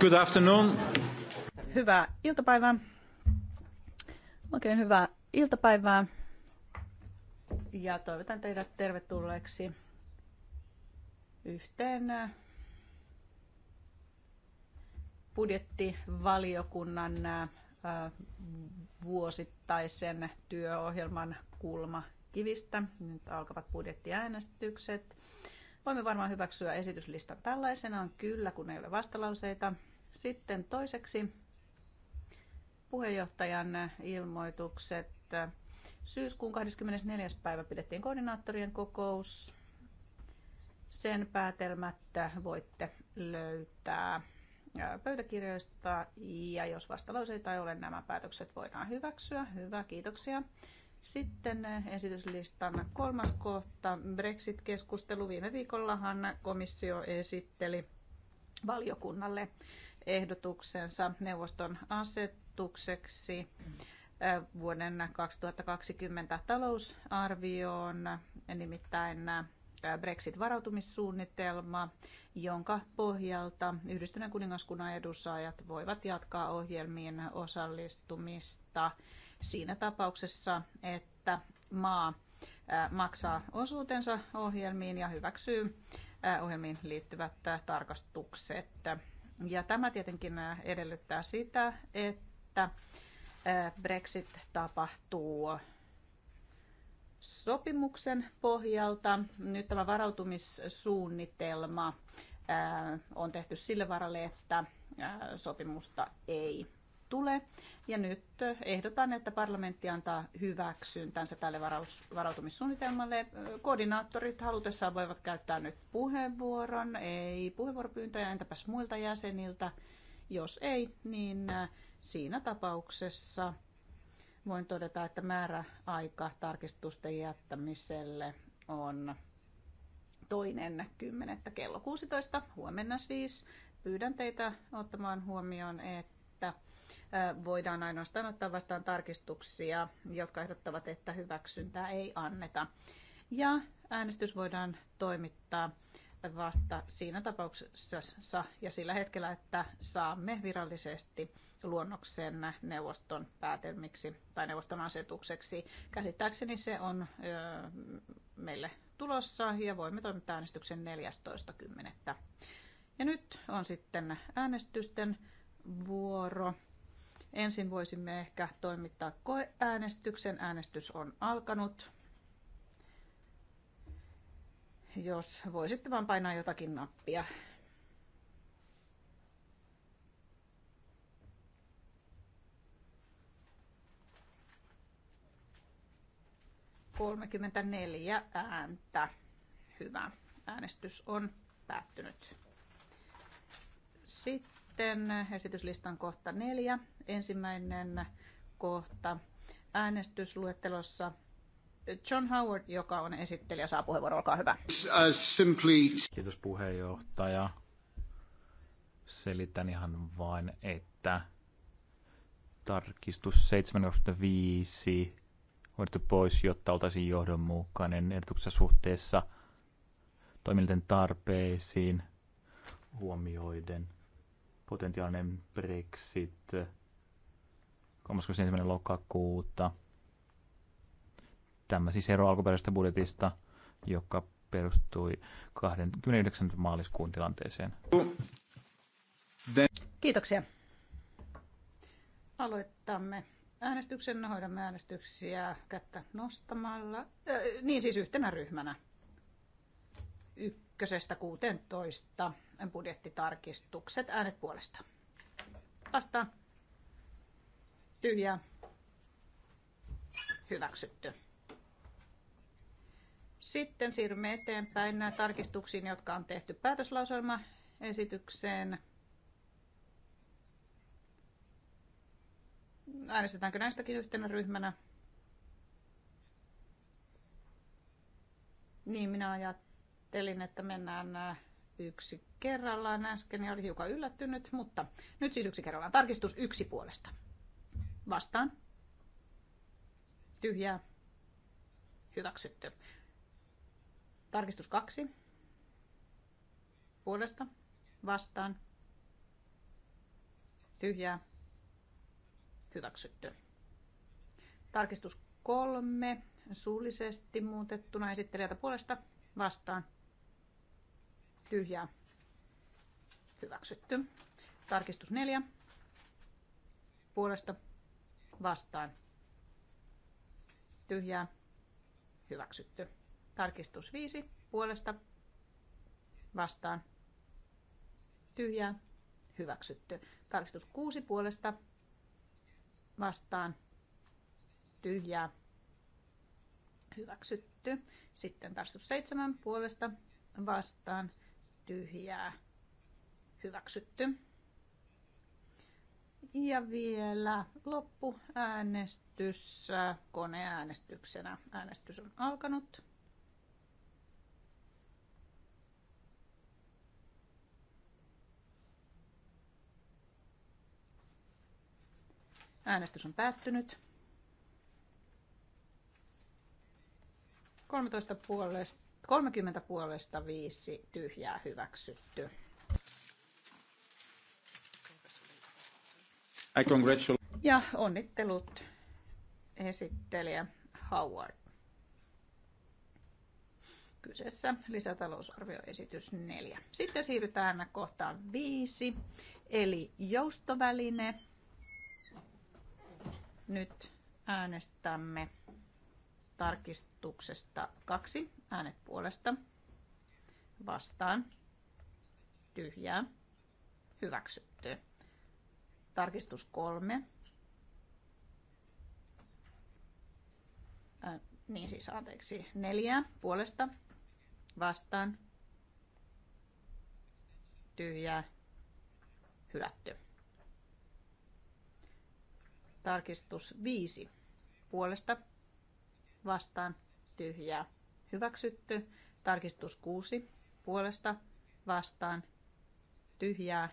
Good afternoon. Hyvää iltapäivää. Oikein hyvää iltapäivää. Ja toivotan teidät tervetulleeksi yhteen äh, budjettivaliokunnan äh, vuosittaisen työohjelman kulmakivistä. Nyt alkavat budjettiäänestykset. Voimme varmaan hyväksyä esityslistan tällaisenaan, kyllä, kun ei ole vastalauseita. Sitten toiseksi puheenjohtajan ilmoitukset. Syyskuun 24. päivä pidettiin koordinaattorien kokous. Sen päätelmättä voitte löytää pöytäkirjoista ja jos vastalauseita ei ole, nämä päätökset voidaan hyväksyä. Hyvä, kiitoksia. Sitten esityslistan kolmas kohta, Brexit-keskustelu. Viime viikollahan komissio esitteli valiokunnalle ehdotuksensa neuvoston asetukseksi vuoden 2020 talousarvioon, nimittäin Brexit-varautumissuunnitelma, jonka pohjalta Yhdistyneen kuningaskunnan edunsaajat voivat jatkaa ohjelmiin osallistumista – siinä tapauksessa, että maa maksaa osuutensa ohjelmiin ja hyväksyy ohjelmiin liittyvät tarkastukset. Ja tämä tietenkin edellyttää sitä, että Brexit tapahtuu sopimuksen pohjalta. Nyt tämä varautumissuunnitelma on tehty sille varalle, että sopimusta ei tule. Ja nyt ehdotan, että parlamentti antaa hyväksyntänsä tälle varaus, varautumissuunnitelmalle. Koordinaattorit halutessaan voivat käyttää nyt puheenvuoron. Ei puheenvuoropyyntöjä, entäpäs muilta jäseniltä. Jos ei, niin äh, siinä tapauksessa voin todeta, että määräaika tarkistusten jättämiselle on toinen kymmenettä kello 16, huomenna siis. Pyydän teitä ottamaan huomioon, että voidaan ainoastaan ottaa vastaan tarkistuksia, jotka ehdottavat, että hyväksyntää ei anneta. Ja äänestys voidaan toimittaa vasta siinä tapauksessa ja sillä hetkellä, että saamme virallisesti luonnoksen neuvoston päätelmiksi tai neuvoston asetukseksi. Käsittääkseni se on ö, meille tulossa ja voimme toimittaa äänestyksen 14.10. Ja nyt on sitten äänestysten vuoro. Ensin voisimme ehkä toimittaa koeäänestyksen. Äänestys on alkanut. Jos voisitte vaan painaa jotakin nappia. Kolmekymmentäneljä ääntä. Hyvä. Äänestys on päättynyt. Sitten sitten esityslistan kohta neljä, ensimmäinen kohta äänestysluettelossa. John Howard, joka on esittelijä, saa puheenvuoron, olkaa hyvä. Uh, Kiitos puheenjohtaja. Selitän ihan vain, että tarkistus 75 hoidettu pois, jotta oltaisiin johdonmukainen ehdotuksessa suhteessa toimilten tarpeisiin huomioiden potentiaalinen Brexit 31. lokakuuta. Tämä siis ero alkuperäisestä budjetista, joka perustui 29. maaliskuun tilanteeseen. Kiitoksia. Aloitamme äänestyksen, hoidamme äänestyksiä kättä nostamalla, äh, niin siis yhtenä ryhmänä. Y- ykkösestä 16 budjettitarkistukset. Äänet puolesta. Vastaan. Tyhjää. Hyväksytty. Sitten siirrymme eteenpäin näihin tarkistuksiin, jotka on tehty päätöslauselmaesitykseen. Äänestetäänkö näistäkin yhtenä ryhmänä? Niin minä ajattelin ajattelin, että mennään äh, yksi kerrallaan äsken ja oli hiukan yllättynyt, mutta nyt siis yksi kerrallaan. Tarkistus yksi puolesta. Vastaan. Tyhjää. Hyväksytty. Tarkistus kaksi. Puolesta. Vastaan. Tyhjää. Hyväksytty. Tarkistus kolme. Suullisesti muutettuna esittelijältä puolesta. Vastaan tyhjää hyväksytty. Tarkistus 4 puolesta vastaan tyhjää hyväksytty. Tarkistus 5 puolesta vastaan tyhjää hyväksytty. Tarkistus 6 puolesta vastaan tyhjää hyväksytty. Sitten tarkistus 7 puolesta vastaan tyhjää hyväksytty. Ja vielä loppuäänestys koneäänestyksenä. Äänestys on alkanut. Äänestys on päättynyt. 13 puolesta 30 puolesta 5 tyhjää hyväksytty. I congratulate. Ja onnittelut esittelijä Howard. Kyseessä lisätalousarvioesitys 4. Sitten siirrytään kohtaan 5, eli joustoväline. Nyt äänestämme tarkistuksesta 2 Äänet puolesta. Vastaan. Tyhjää. Hyväksytty. Tarkistus kolme. Ää, niin siis anteeksi. Neljä puolesta. Vastaan. Tyhjää. Hylätty. Tarkistus viisi puolesta vastaan tyhjää hyväksytty. Tarkistus 6 puolesta vastaan tyhjää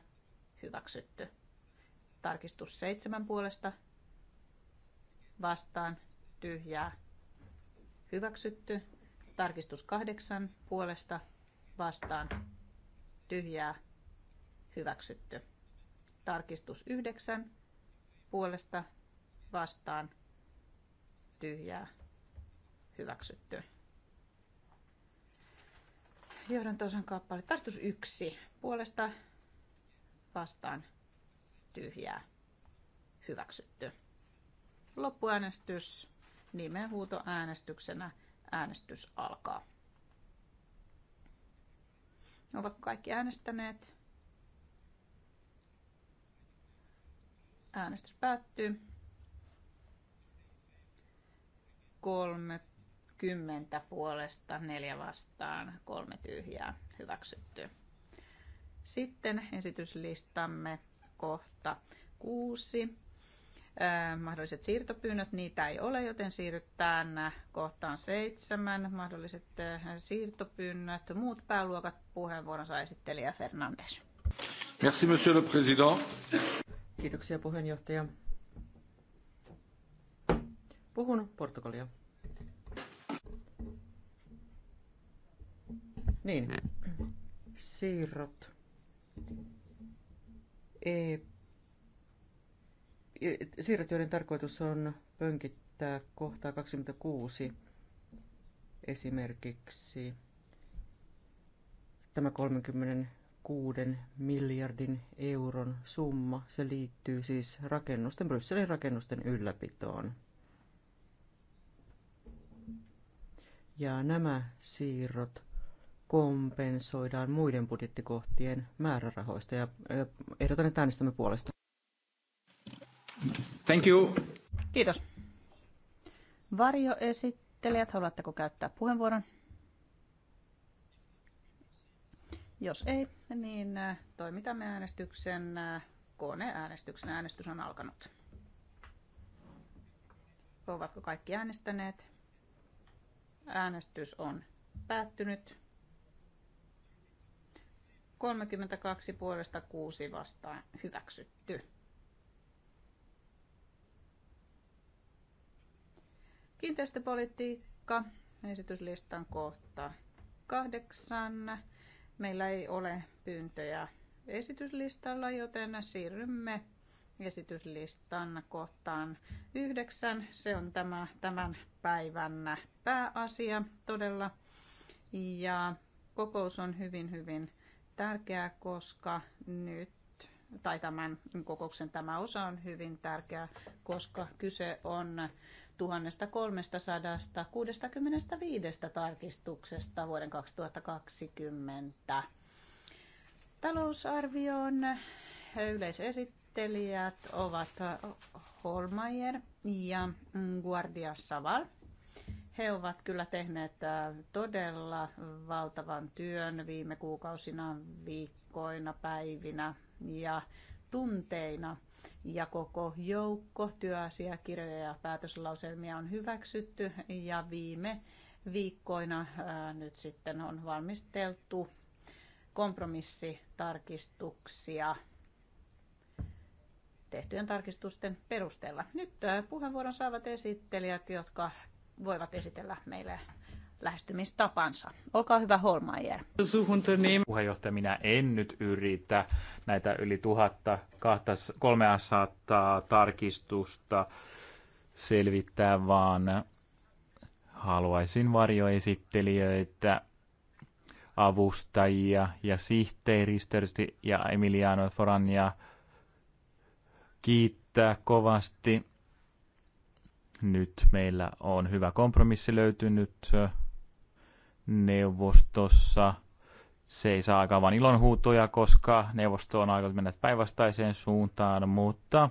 hyväksytty. Tarkistus 7 puolesta vastaan tyhjää hyväksytty. Tarkistus 8 puolesta vastaan tyhjää hyväksytty. Tarkistus 9 puolesta vastaan tyhjää hyväksytty johdantosan kappale. Tastus yksi Puolesta vastaan tyhjää. Hyväksytty. Loppuäänestys äänestyksenä. Äänestys alkaa. Ovatko kaikki äänestäneet? Äänestys päättyy. kolme kymmentä puolesta, neljä vastaan, kolme tyhjää hyväksytty. Sitten esityslistamme kohta Eh, Mahdolliset siirtopyynnöt, niitä ei ole, joten siirrytään kohtaan seitsemän. Mahdolliset siirtopyynnöt, muut pääluokat, saa esittelijä Fernandes. Merci, monsieur le président. Kiitoksia puheenjohtaja. Puhun Portugalia. Niin, siirrot. E-, e- siirrot, joiden tarkoitus on pönkittää kohtaa 26 esimerkiksi tämä 36 miljardin euron summa, se liittyy siis rakennusten, Brysselin rakennusten ylläpitoon. Ja nämä siirrot kompensoidaan muiden budjettikohtien määrärahoista ja ehdotan, että äänestämme puolesta. Thank you. Kiitos. Varjoesittelijät, haluatteko käyttää puheenvuoron? Jos ei, niin äh, toimitamme äänestyksen äh, koneäänestyksen. Äänestys on alkanut. Ovatko kaikki äänestäneet? Äänestys on päättynyt. 32 puolesta 6 vastaan hyväksytty. Kiinteistöpolitiikka, esityslistan kohta 8. Meillä ei ole pyyntöjä esityslistalla, joten siirrymme esityslistan kohtaan yhdeksän. Se on tämä, tämän päivän pääasia todella. Ja kokous on hyvin, hyvin tärkeää, koska nyt tai tämän kokouksen tämä osa on hyvin tärkeä, koska kyse on 1365 tarkistuksesta vuoden 2020 talousarvion yleisesittelijät ovat Holmeier ja Guardia Saval. He ovat kyllä tehneet äh, todella valtavan työn viime kuukausina, viikkoina, päivinä ja tunteina. Ja koko joukko työasiakirjoja ja päätöslauselmia on hyväksytty ja viime viikkoina ää, äh, nyt sitten on valmisteltu kompromissitarkistuksia tehtyjen tarkistusten perusteella. Nyt äh, puheenvuoron saavat esittelijät, jotka voivat esitellä meille lähestymistapansa. Olkaa hyvä Holmeier. Puheenjohtaja, minä en nyt yritä näitä yli 1300 tarkistusta selvittää, vaan haluaisin varjoesittelijöitä, avustajia ja sihteeristösti ja Emiliano Forania kiittää kovasti nyt meillä on hyvä kompromissi löytynyt neuvostossa. Se ei saa aikaan vain ilonhuutoja, koska neuvosto on aika mennä päinvastaiseen suuntaan, mutta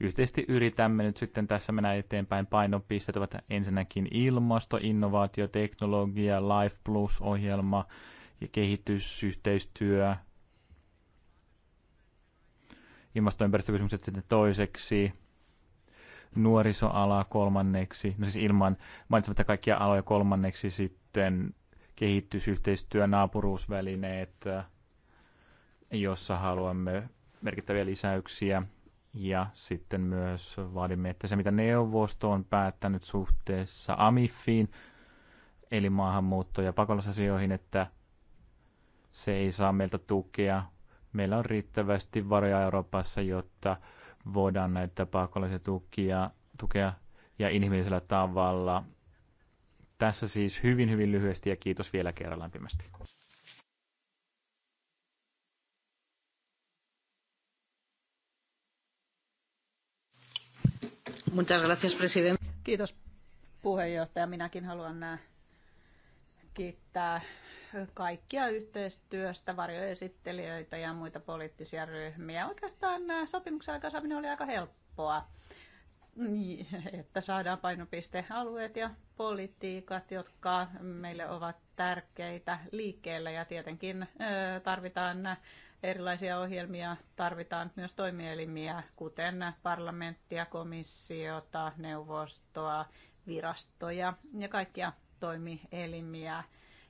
yhteisesti yritämme nyt sitten tässä mennä eteenpäin. Painopisteet ovat ensinnäkin ilmasto, innovaatio, teknologia, Life Plus-ohjelma ja kehitysyhteistyö. Ilmasto- ja ympäristökysymykset sitten toiseksi, nuorisoala kolmanneksi, no siis ilman mainitsematta kaikkia aloja kolmanneksi sitten kehitysyhteistyö, naapuruusvälineet, jossa haluamme merkittäviä lisäyksiä. Ja sitten myös vaadimme, että se mitä neuvosto on päättänyt suhteessa AMIFiin, eli maahanmuutto- ja pakolaisasioihin, että se ei saa meiltä tukea. Meillä on riittävästi varoja Euroopassa, jotta voidaan näitä pakollisia tukia, tukea ja inhimillisellä tavalla. Tässä siis hyvin, hyvin lyhyesti ja kiitos vielä kerran lämpimästi. Muchas gracias, presidente. Kiitos puheenjohtaja. Minäkin haluan äh, kiittää kaikkia yhteistyöstä, varjoesittelijöitä ja muita poliittisia ryhmiä. Oikeastaan äh, sopimuksen aikaisemmin oli aika helppoa, niin, että saadaan painopistealueet ja politiikat, jotka meille ovat tärkeitä liikkeelle ja tietenkin äh, tarvitaan erilaisia ohjelmia, tarvitaan myös toimielimiä, kuten parlamenttia, komissiota, neuvostoa, virastoja ja kaikkia toimielimiä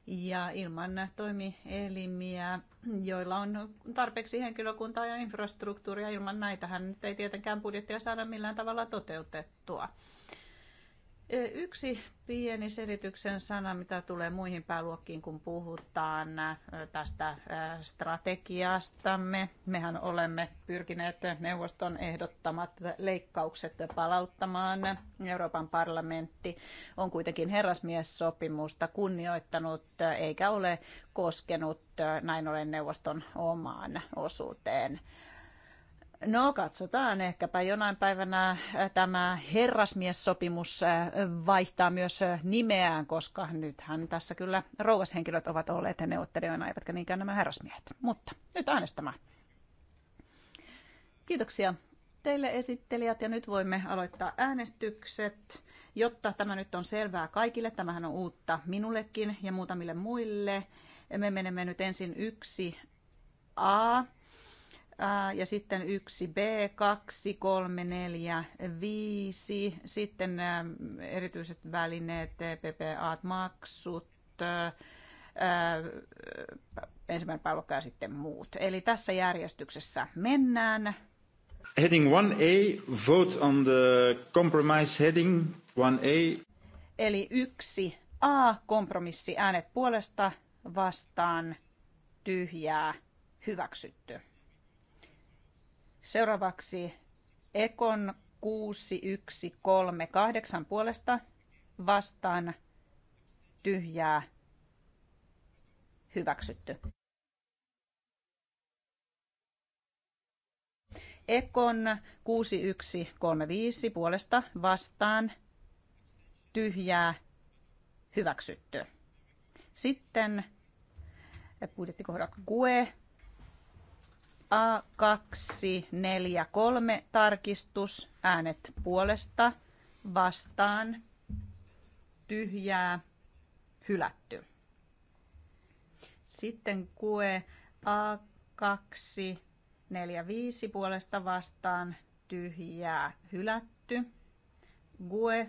ja ilman toimielimiä, joilla on tarpeeksi henkilökuntaa ja infrastruktuuria. Ilman näitähän nyt ei tietenkään budjettia saada millään tavalla toteutettua. Yksi pieni selityksen sana, mitä tulee muihin pääluokkiin, kun puhutaan tästä strategiastamme. Mehän olemme pyrkineet neuvoston ehdottamat leikkaukset palauttamaan. Euroopan parlamentti on kuitenkin herrasmiessopimusta kunnioittanut eikä ole koskenut näin ollen neuvoston omaan osuuteen. No katsotaan, ehkäpä jonain päivänä äh, tämä herrasmiessopimus äh, vaihtaa myös äh, nimeään, koska nythän tässä kyllä rouvashenkilöt ovat olleet ja neuvottelijoina, eivätkä niinkään nämä herrasmiehet. Mutta nyt äänestämään. Kiitoksia teille esittelijät ja nyt voimme aloittaa äänestykset. Jotta tämä nyt on selvää kaikille, tämähän on uutta minullekin ja muutamille muille, me menemme nyt ensin yksi A ja sitten 1B, 2, 3, 4, 5, sitten erityiset välineet, PPA, maksut, ensimmäinen pääluokka ja sitten muut. Eli tässä järjestyksessä mennään. Heading 1A, vote on the compromise heading 1A. Eli 1A, kompromissi, äänet puolesta, vastaan, tyhjää, hyväksytty. Seuraavaksi Ekon 6138 puolesta vastaan tyhjää hyväksytty. Ekon 6135 puolesta vastaan tyhjää hyväksytty. Sitten budjettikohdat GUE A243 tarkistus, äänet puolesta, vastaan, tyhjää, hylätty. Sitten kue a 5, puolesta vastaan, tyhjää, hylätty. GUE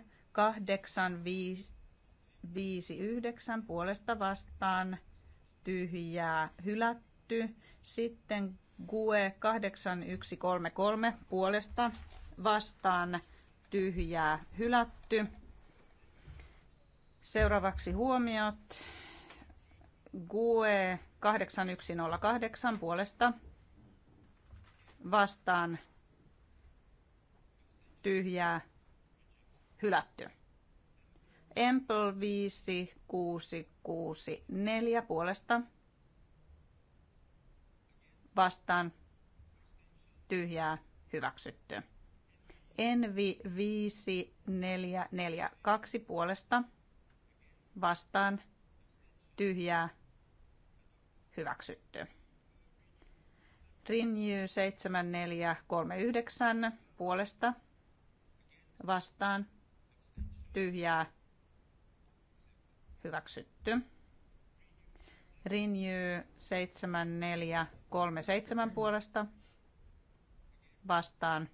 9, puolesta vastaan, tyhjää, hylätty. Sitten GUE 8133 puolesta vastaan tyhjää hylätty. Seuraavaksi huomiot. GUE 8108 puolesta vastaan tyhjää hylätty. Empel 5664 puolesta vastaan tyhjää hyväksytty. Envi 5442 puolesta vastaan tyhjää hyväksytty. Rinjy 7439 puolesta vastaan tyhjää hyväksytty. Rinjy 7439 37 puolesta vastaan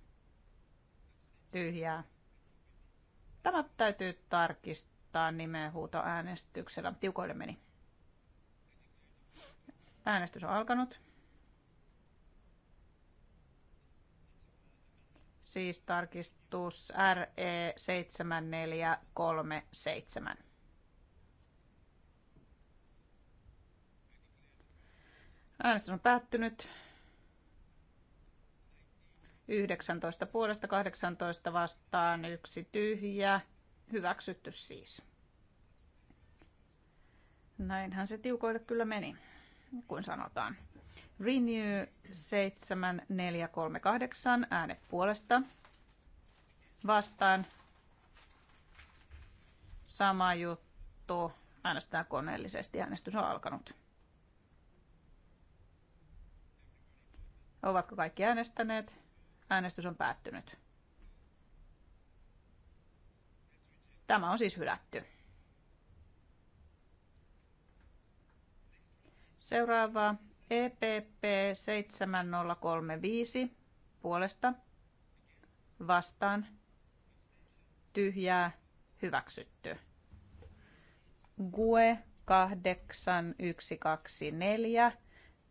tyhjää. Tämä täytyy tarkistaa nimenhuuto äänestyksellä. Tiukoille meni. Äänestys on alkanut. Siis tarkistus RE7437. Äänestys on päättynyt. 19 puolesta 18 vastaan, yksi tyhjä. Hyväksytty siis. Näinhän se tiukoille kyllä meni, kun sanotaan. Renew 7438, äänet puolesta. Vastaan. Sama juttu. Äänestetään koneellisesti. Äänestys on alkanut. Ovatko kaikki äänestäneet? Äänestys on päättynyt. Tämä on siis hylätty. Seuraava EPP 7035 puolesta vastaan tyhjää hyväksytty. GUE 8124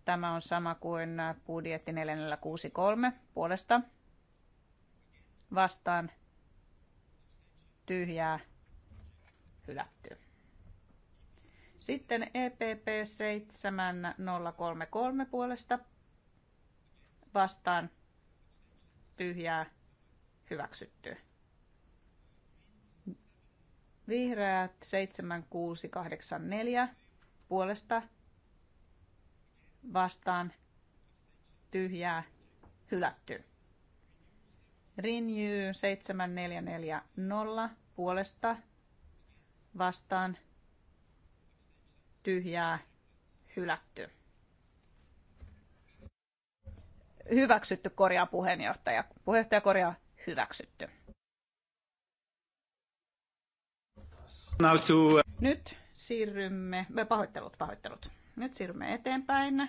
Tämä on sama kuin budjetti 4463 puolesta. Vastaan tyhjää hylätty. Sitten EPP 7033 puolesta vastaan tyhjää hyväksytty. Vihreät 7684 puolesta vastaan tyhjää hylätty. rinjy 7440 puolesta vastaan tyhjää hylätty. Hyväksytty korjaa puheenjohtaja. Puheenjohtaja korjaa hyväksytty. Uh, Nyt siirrymme, pahoittelut, pahoittelut. Nyt siirrymme eteenpäin.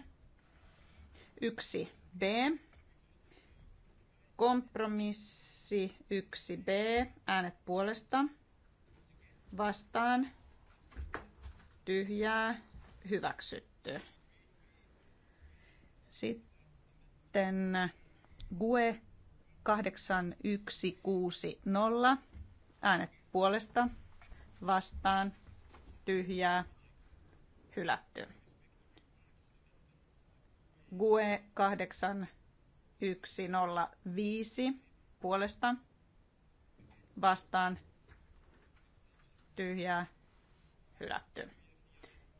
1 B. Kompromissi 1 B. Äänet puolesta. Vastaan. Tyhjää. Hyväksytty. Sitten GUE 8160. Äänet puolesta. Vastaan. Tyhjää. Hylätty. GUE 8105 puolesta vastaan tyhjää hylätty.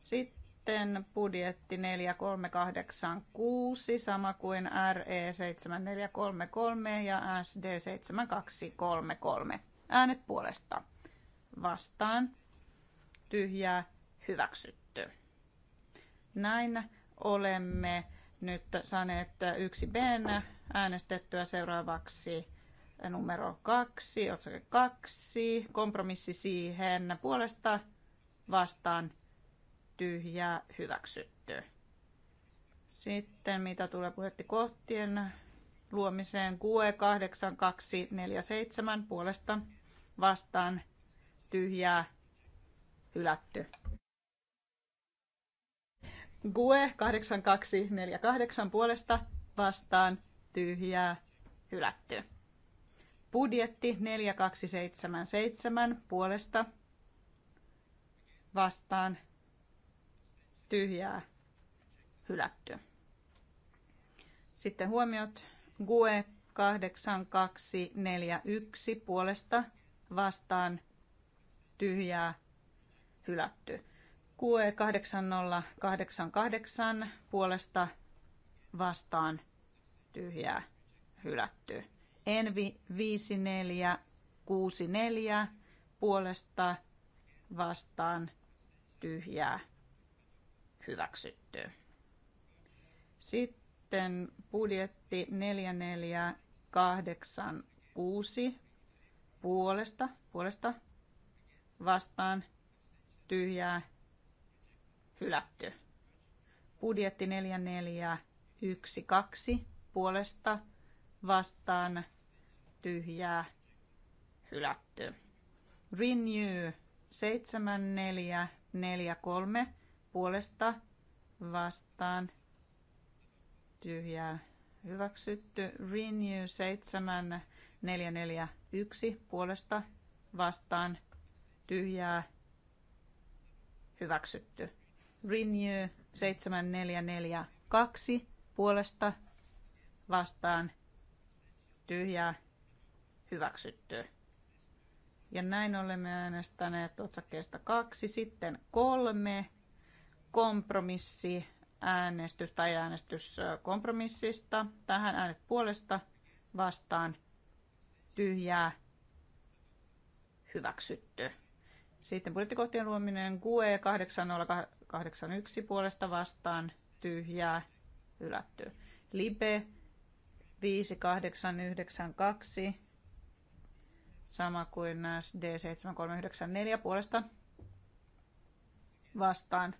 Sitten budjetti 4386, sama kuin RE 7433 ja SD 7233. Äänet puolesta vastaan tyhjää hyväksytty. Näin olemme nyt saaneet yksi b äänestettyä seuraavaksi numero kaksi, otsake kaksi kompromissi siihen puolesta vastaan tyhjää hyväksytty. Sitten mitä tulee budjettikohtien luomiseen, QE 8247 puolesta vastaan tyhjää hylätty. GUE 8248 puolesta vastaan tyhjää hylätty. Budjetti 4277 puolesta vastaan tyhjää hylätty. Sitten huomiot GUE 8241 puolesta vastaan tyhjää hylätty. QE 8088 puolesta vastaan tyhjää hylätty. Envi 5464 puolesta vastaan tyhjää hyväksytty. Sitten budjetti 4486 puolesta, puolesta vastaan tyhjää hylätty. Budjetti 4412 puolesta vastaan tyhjää hylätty. Renew 7443 puolesta vastaan tyhjää hyväksytty. Renew 7441 puolesta vastaan tyhjää hyväksytty. Renew 7442 puolesta vastaan tyhjää hyväksytty. Ja näin olemme äänestäneet otsakkeesta kaksi, sitten kolme, kompromissi, äänestys tai äänestys kompromissista. Tähän äänet puolesta vastaan tyhjää hyväksytty. Sitten budjettikohtien luominen QE 802 81 puolesta vastaan tyhjää hylätty. Libe 5892 sama kuin D7394 puolesta vastaan.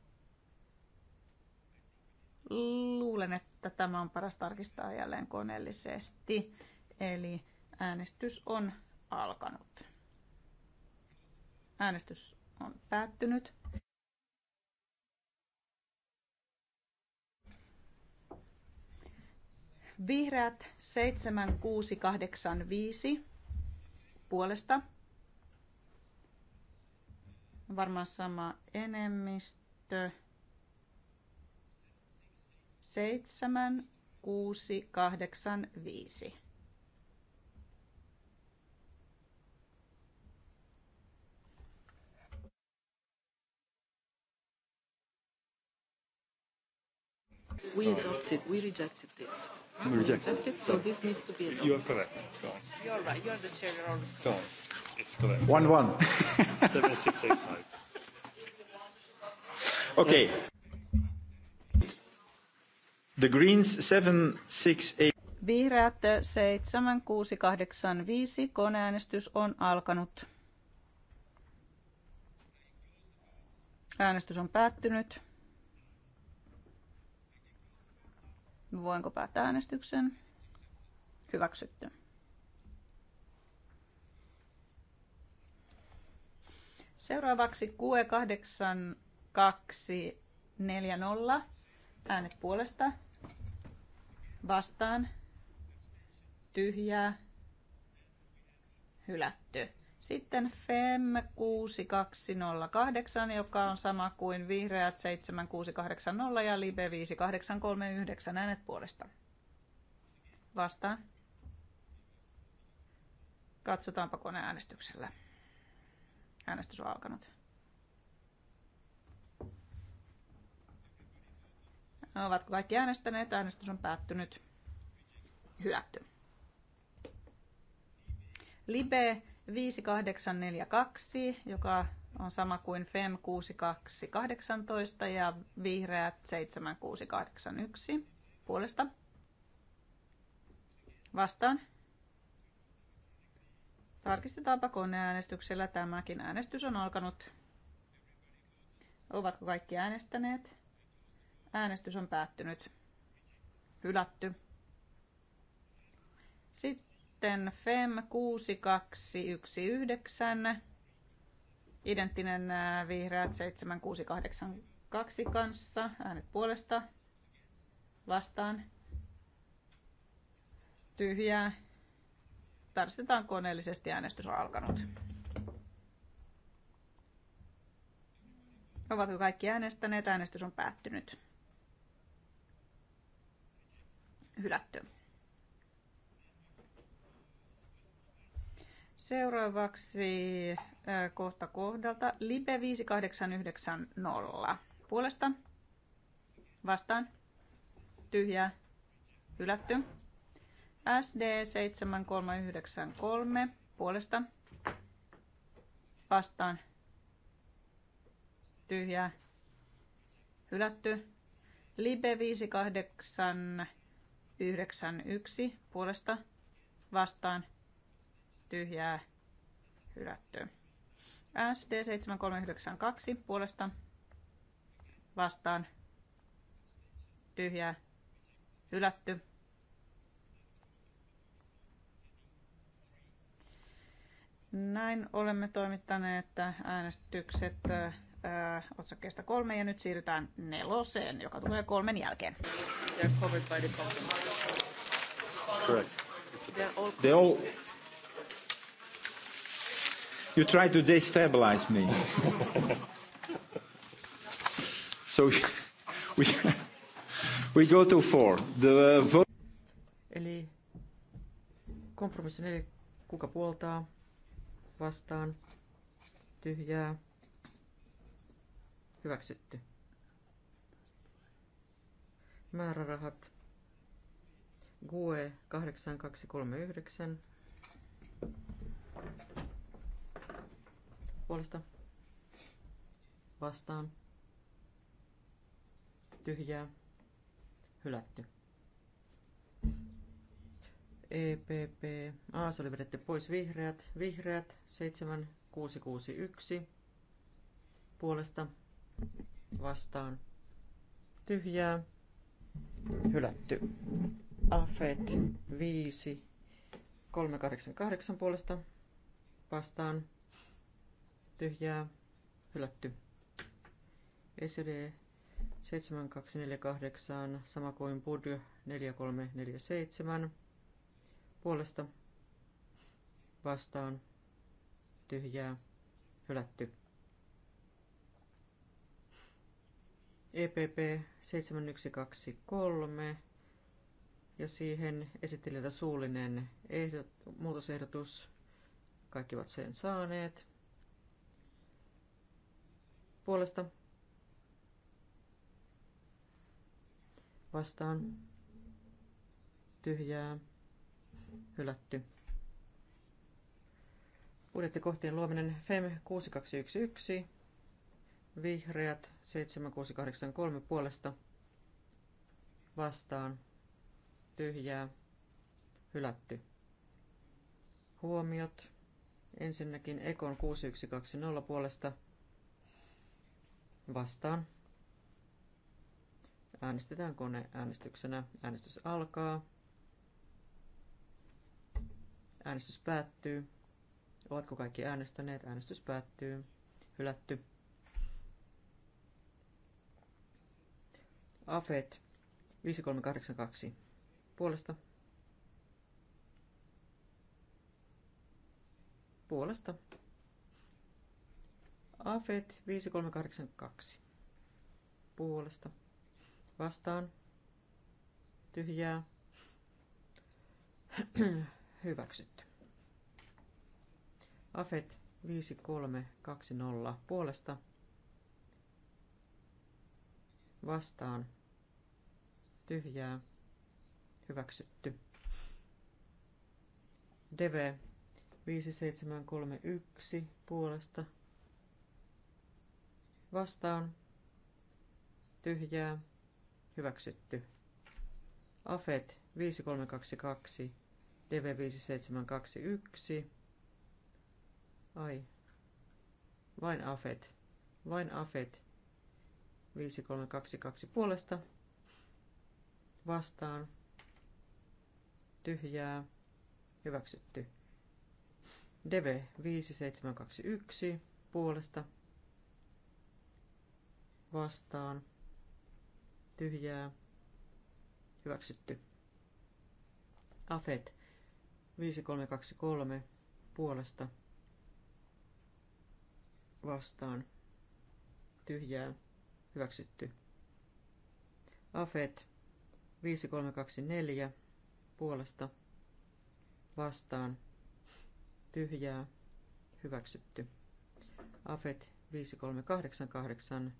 Luulen, että tämä on paras tarkistaa jälleen koneellisesti. Eli äänestys on alkanut. Äänestys on päättynyt. Vihreät 7685 puolesta. Varmaan sama enemmistö. 7685. We adopted, we rejected this. We rejected, it. so this needs to be adopted. You are correct. You are right. You are the chair. You're always correct. Go on. It's correct. One one. Seven six eight five. Okay. The Greens seven six eight. Vihreät 7685 koneäänestys on alkanut. Äänestys on päättynyt. Voinko päättää äänestyksen? Hyväksytty. Seuraavaksi QE 8240. Äänet puolesta. Vastaan. Tyhjää. Hylätty. Sitten FEM 6208, joka on sama kuin vihreät 7680 ja LIBE 5839 äänet puolesta. Vastaan. Katsotaanpa koneäänestyksellä. Äänestys on alkanut. Ovatko kaikki äänestäneet? Äänestys on päättynyt. Hylätty. Libe 5842, joka on sama kuin FEM 6218 ja vihreät 7681 puolesta. Vastaan. Tarkistetaanpa koneäänestyksellä tämäkin. Äänestys on alkanut. Ovatko kaikki äänestäneet? Äänestys on päättynyt. Hylätty. Sitten sitten FEM 6219, identtinen äh, vihreät 7682 kanssa, äänet puolesta, vastaan, tyhjää. Tarkistetaan koneellisesti, äänestys on alkanut. Ovatko kaikki äänestäneet? Äänestys on päättynyt. Hylätty. Seuraavaksi kohta kohdalta Libe 5890. Puolesta vastaan tyhjää hylätty. SD 7393 puolesta vastaan tyhjää hylätty. Libe 5891 puolesta vastaan tyhjää hylätty. SD7392 puolesta vastaan tyhjää hylätty. Näin olemme toimittaneet äänestykset ää, otsakkeesta kolme ja nyt siirrytään neloseen, joka tulee kolmen jälkeen. They're covered by the Correct. They're all, They're all You try to destabilize me. so we, we go to four. The vote. Eli kompromissi neljä, kuka puoltaa, vastaan, tyhjää, hyväksytty. Määrärahat. GUE 8239 puolesta vastaan tyhjää hylätty. EPP, A, se oli vedetty pois vihreät, vihreät 7661 puolesta vastaan tyhjää hylätty. AFET 5 388 puolesta vastaan tyhjää, hylätty. SD 7248, sama kuin Bud 4347, puolesta vastaan, tyhjää, hylätty. EPP 7123 ja siihen esittelijältä suullinen ehdot, muutosehdotus. Kaikki ovat sen saaneet puolesta vastaan tyhjää hylätty. Budjettikohtien luominen FEM 6211, vihreät 7683 puolesta vastaan tyhjää hylätty. Huomiot. Ensinnäkin Ekon 6120 puolesta vastaan. Äänestetään äänestyksenä Äänestys alkaa. Äänestys päättyy. Ovatko kaikki äänestäneet? Äänestys päättyy. Hylätty. Afet 5382 puolesta. Puolesta. AFET 5382. Puolesta. Vastaan. Tyhjää. Hyväksytty. AFET 5320. Puolesta. Vastaan. Tyhjää. Hyväksytty. DV 5731 puolesta vastaan tyhjää hyväksytty. AFET 5322 DV5721 Ai. Vain AFET. Vain AFET 5322 puolesta vastaan tyhjää hyväksytty. DV5721 puolesta vastaan tyhjää hyväksytty. Afet 5323 puolesta vastaan tyhjää hyväksytty. Afet 5324 puolesta vastaan tyhjää hyväksytty. Afet 5388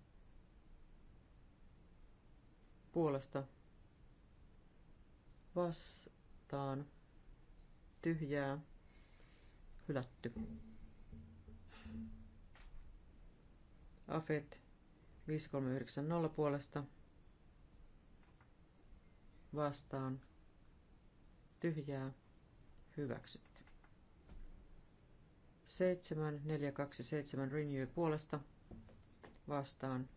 puolesta vastaan tyhjää hylätty. Afet 5390 puolesta vastaan tyhjää hyväksytty. 7427 Renew puolesta vastaan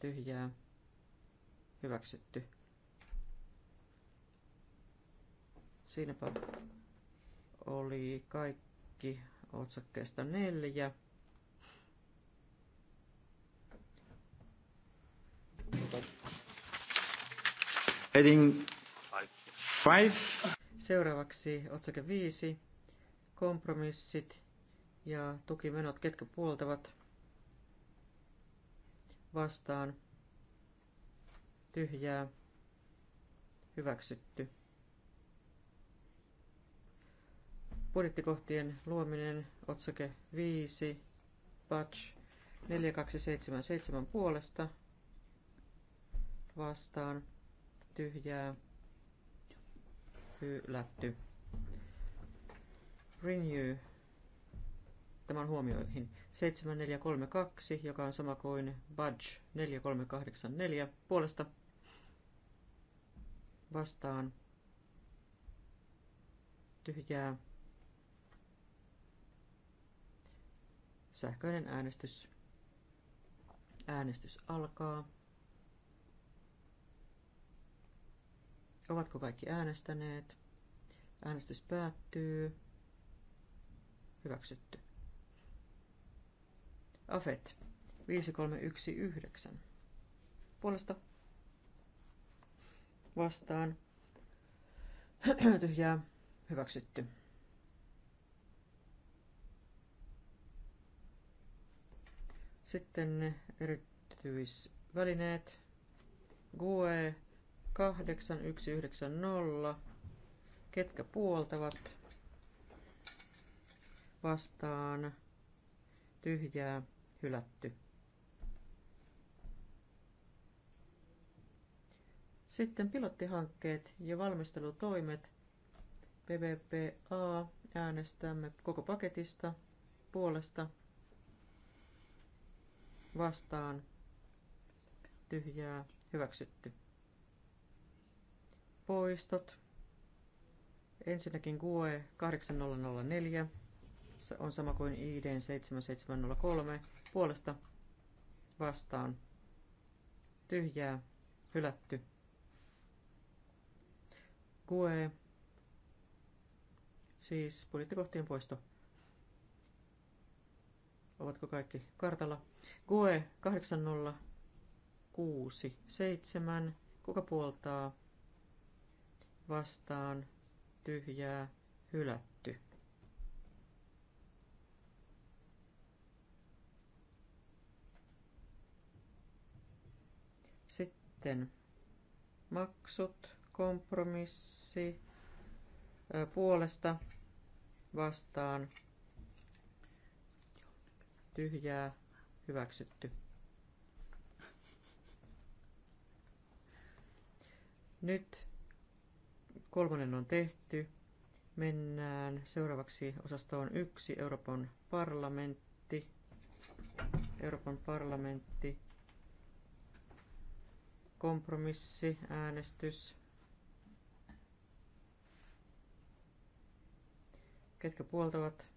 tyhjää Hyväksytty. Siinäpä oli kaikki otsakkeesta neljä. Heading five. Seuraavaksi otsake 5. Kompromissit ja tukimenot, ketkä puoltavat vastaan tyhjää, hyväksytty. Budjettikohtien luominen, otsake 5, patch 4277 puolesta, vastaan, tyhjää, hylätty. Renew, tämä on huomioihin, 7432, joka on sama kuin Budge 4384 puolesta vastaan tyhjää. Sähköinen äänestys. Äänestys alkaa. Ovatko kaikki äänestäneet? Äänestys päättyy. Hyväksytty. Afet 5319. Puolesta vastaan tyhjää hyväksytty. Sitten erityisvälineet. GUE 8190. Ketkä puoltavat vastaan tyhjää hylätty. Sitten pilottihankkeet ja valmistelutoimet. PVPA äänestämme koko paketista puolesta vastaan tyhjää hyväksytty. Poistot. Ensinnäkin QE 8004 on sama kuin ID 7703 puolesta vastaan tyhjää hylätty. Kue, siis budjettikohtien poisto. Ovatko kaikki kartalla? Kue 8067. Kuka puoltaa? Vastaan. Tyhjää. Hylätty. Sitten maksut kompromissi puolesta vastaan tyhjää hyväksytty. Nyt kolmonen on tehty. Mennään seuraavaksi osastoon yksi Euroopan parlamentti. Euroopan parlamentti. Kompromissi, äänestys. Ketkä puoltavat?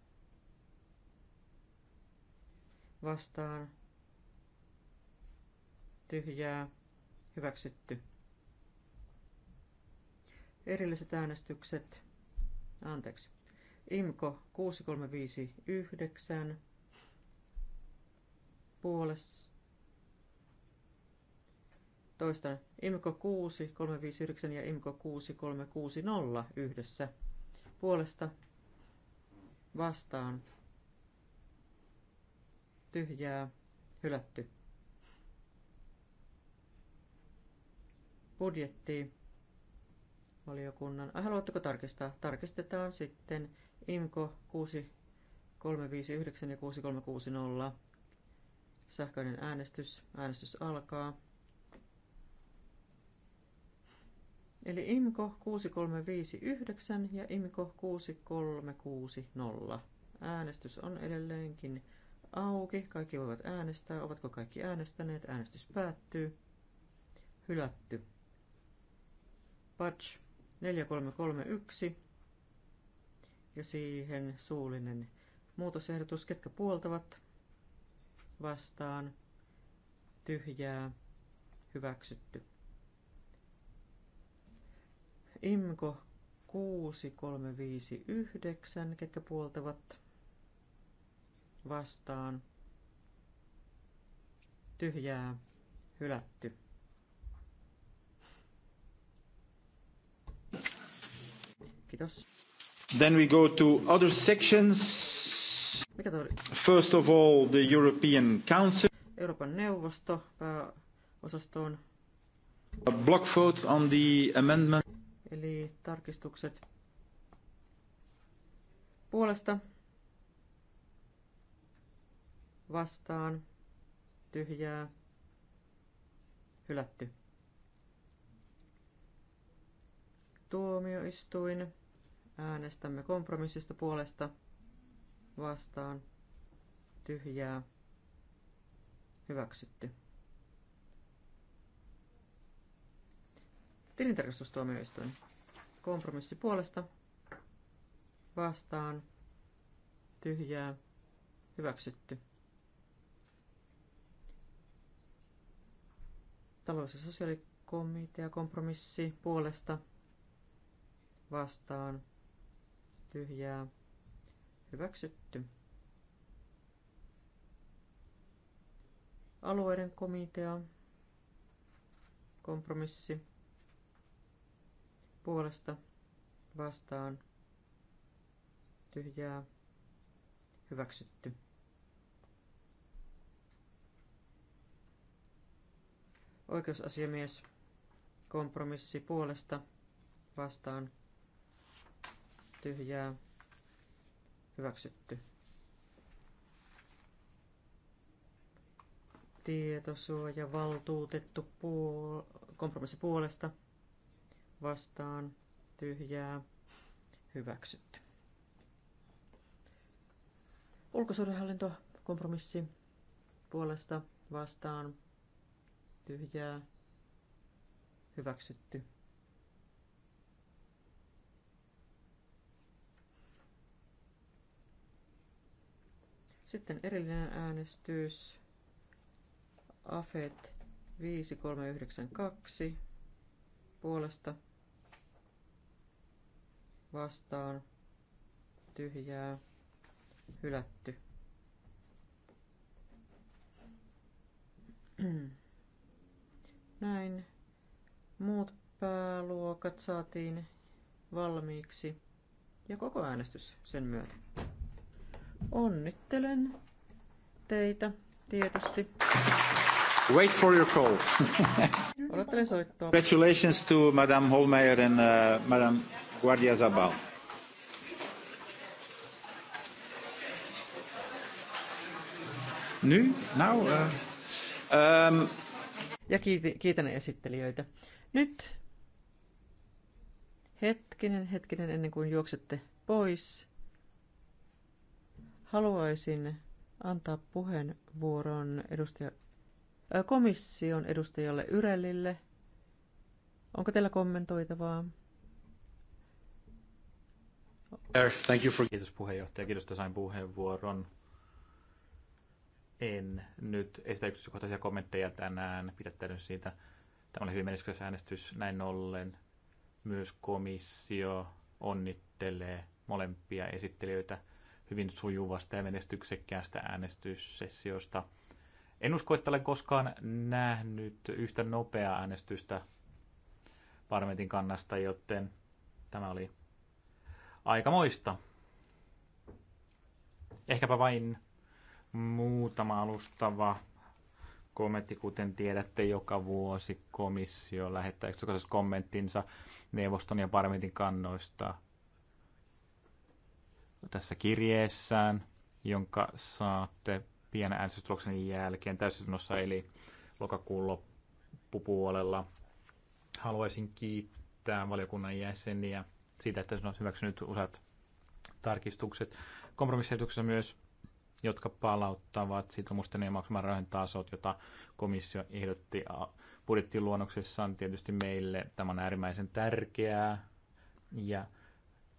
Vastaan. Tyhjää. Hyväksytty. Erilliset äänestykset. Anteeksi. IMKO 6359 puolessa. Toistan. IMKO 6359 ja IMKO 6360 yhdessä puolesta vastaan tyhjää hylätty. Budjetti valiokunnan. Ai, haluatteko tarkistaa? Tarkistetaan sitten IMKO 6359 ja 6360. Sähköinen äänestys. Äänestys alkaa. Eli IMKO 6359 ja IMKO 6360. Äänestys on edelleenkin auki. Kaikki voivat äänestää. Ovatko kaikki äänestäneet? Äänestys päättyy. Hylätty. Patch 4331 ja siihen suullinen muutosehdotus, ketkä puoltavat vastaan tyhjää hyväksytty. Imko 6359, ketkä puoltavat vastaan. Tyhjää, hylätty. Kiitos. Then we go to other sections. Mikä toi? First of all, the European Council. Euroopan neuvosto pääosastoon. A block vote on the amendment eli tarkistukset puolesta vastaan tyhjää hylätty. Tuomioistuin. Äänestämme kompromissista puolesta vastaan tyhjää hyväksytty. Tilintarkastustuomioistuin. Kompromissi puolesta. Vastaan. Tyhjää. Hyväksytty. Talous- ja sosiaalikomitea. Kompromissi puolesta. Vastaan. Tyhjää. Hyväksytty. Alueiden komitea. Kompromissi puolesta vastaan tyhjää hyväksytty. Oikeusasiamies kompromissi puolesta vastaan tyhjää hyväksytty. Tietosuoja valtuutettu puol- kompromissi puolesta vastaan tyhjää hyväksytty. Ulkosuudenhallinto kompromissi puolesta vastaan tyhjää hyväksytty. Sitten erillinen äänestys. AFET 5392 puolesta vastaan tyhjää hylätty. Näin muut pääluokat saatiin valmiiksi ja koko äänestys sen myötä. Onnittelen teitä tietysti. Wait for your call. Odottelen soittoa. Congratulations to Madame Holmeyer and uh, Madame Guardia Zabal. Nu? Now? Uh, um. Ja kiitän esittelijöitä. Nyt hetkinen, hetkinen ennen kuin juoksette pois. Haluaisin antaa puheenvuoron edustaja, äh, komission edustajalle Yrellille. Onko teillä kommentoitavaa? Thank you for... Kiitos puheenjohtaja, kiitos, että sain puheenvuoron. En nyt esitä yksityiskohtaisia kommentteja tänään, pidättäydyn siitä. Tämä oli hyvin menestyksekäs äänestys näin ollen. Myös komissio onnittelee molempia esittelijöitä hyvin sujuvasta ja menestyksekkäästä äänestyssessiosta. En usko, että olen koskaan nähnyt yhtä nopeaa äänestystä parlamentin kannasta, joten tämä oli Aika moista. Ehkäpä vain muutama alustava kommentti, kuten tiedätte, joka vuosi komissio lähettää yksikaisessa kommenttinsa neuvoston ja parlamentin kannoista tässä kirjeessään, jonka saatte pienen äänestystuloksen jälkeen täysistunnossa, eli lokakuun loppupuolella. Haluaisin kiittää valiokunnan jäseniä siitä, että se on hyväksynyt useat tarkistukset. Kompromissiehdotuksessa myös, jotka palauttavat sitoumusten ja maksamarahojen tasot, jota komissio ehdotti budjettiluonnoksessaan tietysti meille. Tämä on äärimmäisen tärkeää ja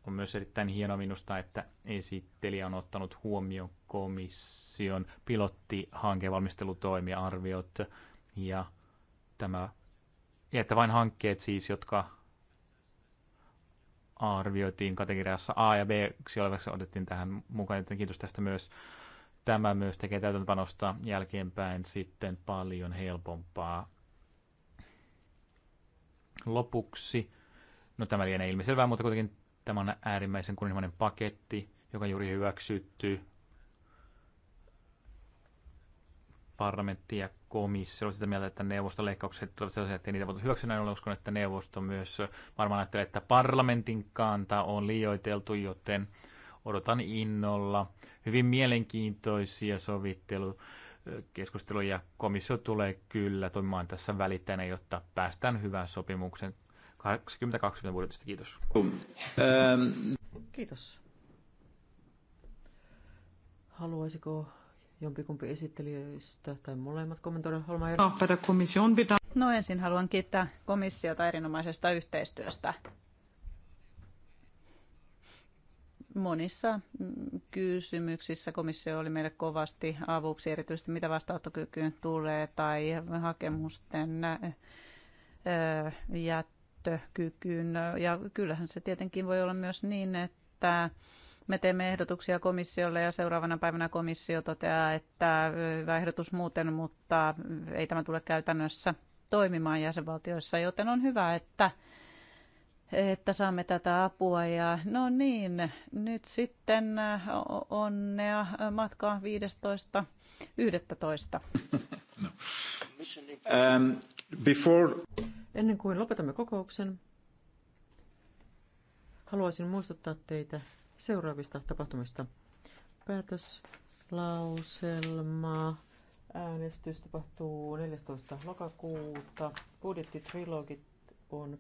on myös erittäin hienoa minusta, että esittelijä on ottanut huomioon komission pilottihankevalmistelutoimiarviot ja tämä ja että vain hankkeet siis, jotka arvioitiin kategoriassa A ja B1 olevaksi otettiin tähän mukaan, joten kiitos tästä myös. Tämä myös tekee täytäntöpanosta jälkeenpäin sitten paljon helpompaa. Lopuksi, no tämä lienee ilmiselvää, mutta kuitenkin tämä on äärimmäisen kunnianhimoinen paketti, joka juuri hyväksytty parlamentti ja komissio olivat sitä mieltä, että neuvostoleikkaukset olivat sellaisia, että niitä voitu hyväksyä. Näin uskon, että neuvosto myös varmaan ajattelee, että parlamentin kanta on liioiteltu, joten odotan innolla. Hyvin mielenkiintoisia sovittelu keskusteluja komissio tulee kyllä toimimaan tässä välittäjänä, jotta päästään hyvään sopimuksen 2020 budjetista. Kiitos. Ähm. Kiitos. Haluaisiko jompikumpi esittelijöistä tai molemmat kommentoida Holmaer? No, no ensin haluan kiittää komissiota erinomaisesta yhteistyöstä. Monissa mm, kysymyksissä komissio oli meille kovasti avuksi, erityisesti mitä vastaanottokykyyn tulee tai hakemusten jättökykyyn. Ja kyllähän se tietenkin voi olla myös niin, että me teemme ehdotuksia komissiolle ja seuraavana päivänä komissio toteaa, että hyvä ehdotus muuten, mutta ei tämä tule käytännössä toimimaan jäsenvaltioissa, joten on hyvä, että että saamme tätä apua. Ja no niin, nyt sitten onnea matkaan no. 15.11. Um, Ennen kuin lopetamme kokouksen, haluaisin muistuttaa teitä seuraavista tapahtumista. Päätöslauselma. Äänestys tapahtuu 14. lokakuuta. Budjettitrilogit on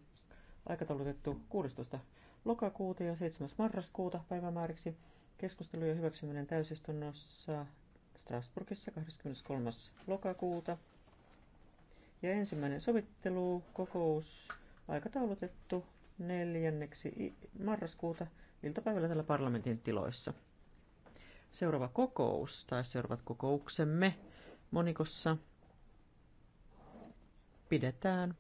aikataulutettu 16. lokakuuta ja 7. marraskuuta päivämääriksi. ja hyväksyminen täysistunnossa Strasbourgissa 23. lokakuuta. Ja ensimmäinen sovittelukokous aikataulutettu neljänneksi marraskuuta iltapäivällä täällä parlamentin tiloissa. Seuraava kokous tai seuraavat kokouksemme Monikossa pidetään.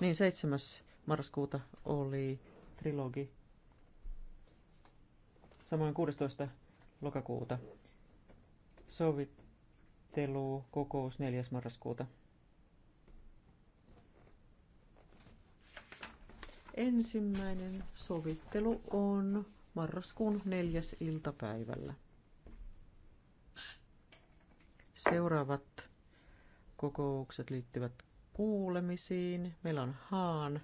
Niin 7. marraskuuta oli trilogi. Samoin 16. lokakuuta sovittelu kokous 4. marraskuuta. Ensimmäinen sovittelu on marraskuun neljäs iltapäivällä. Seuraavat kokoukset liittyvät kuulemisiin. Meillä on Haan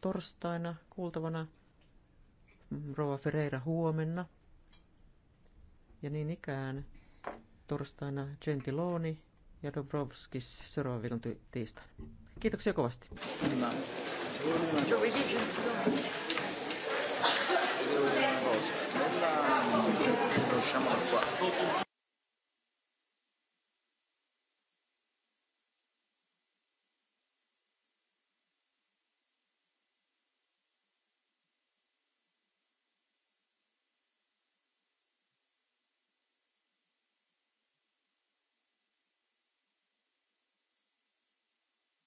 torstaina kuultavana, Rova Ferreira huomenna ja niin ikään torstaina Gentiloni ja Dobrovskis seuraavan viikon tiistaina. Kiitoksia kovasti. Giovedì c'è il Devo dire una cosa, nella... usciamo da qua.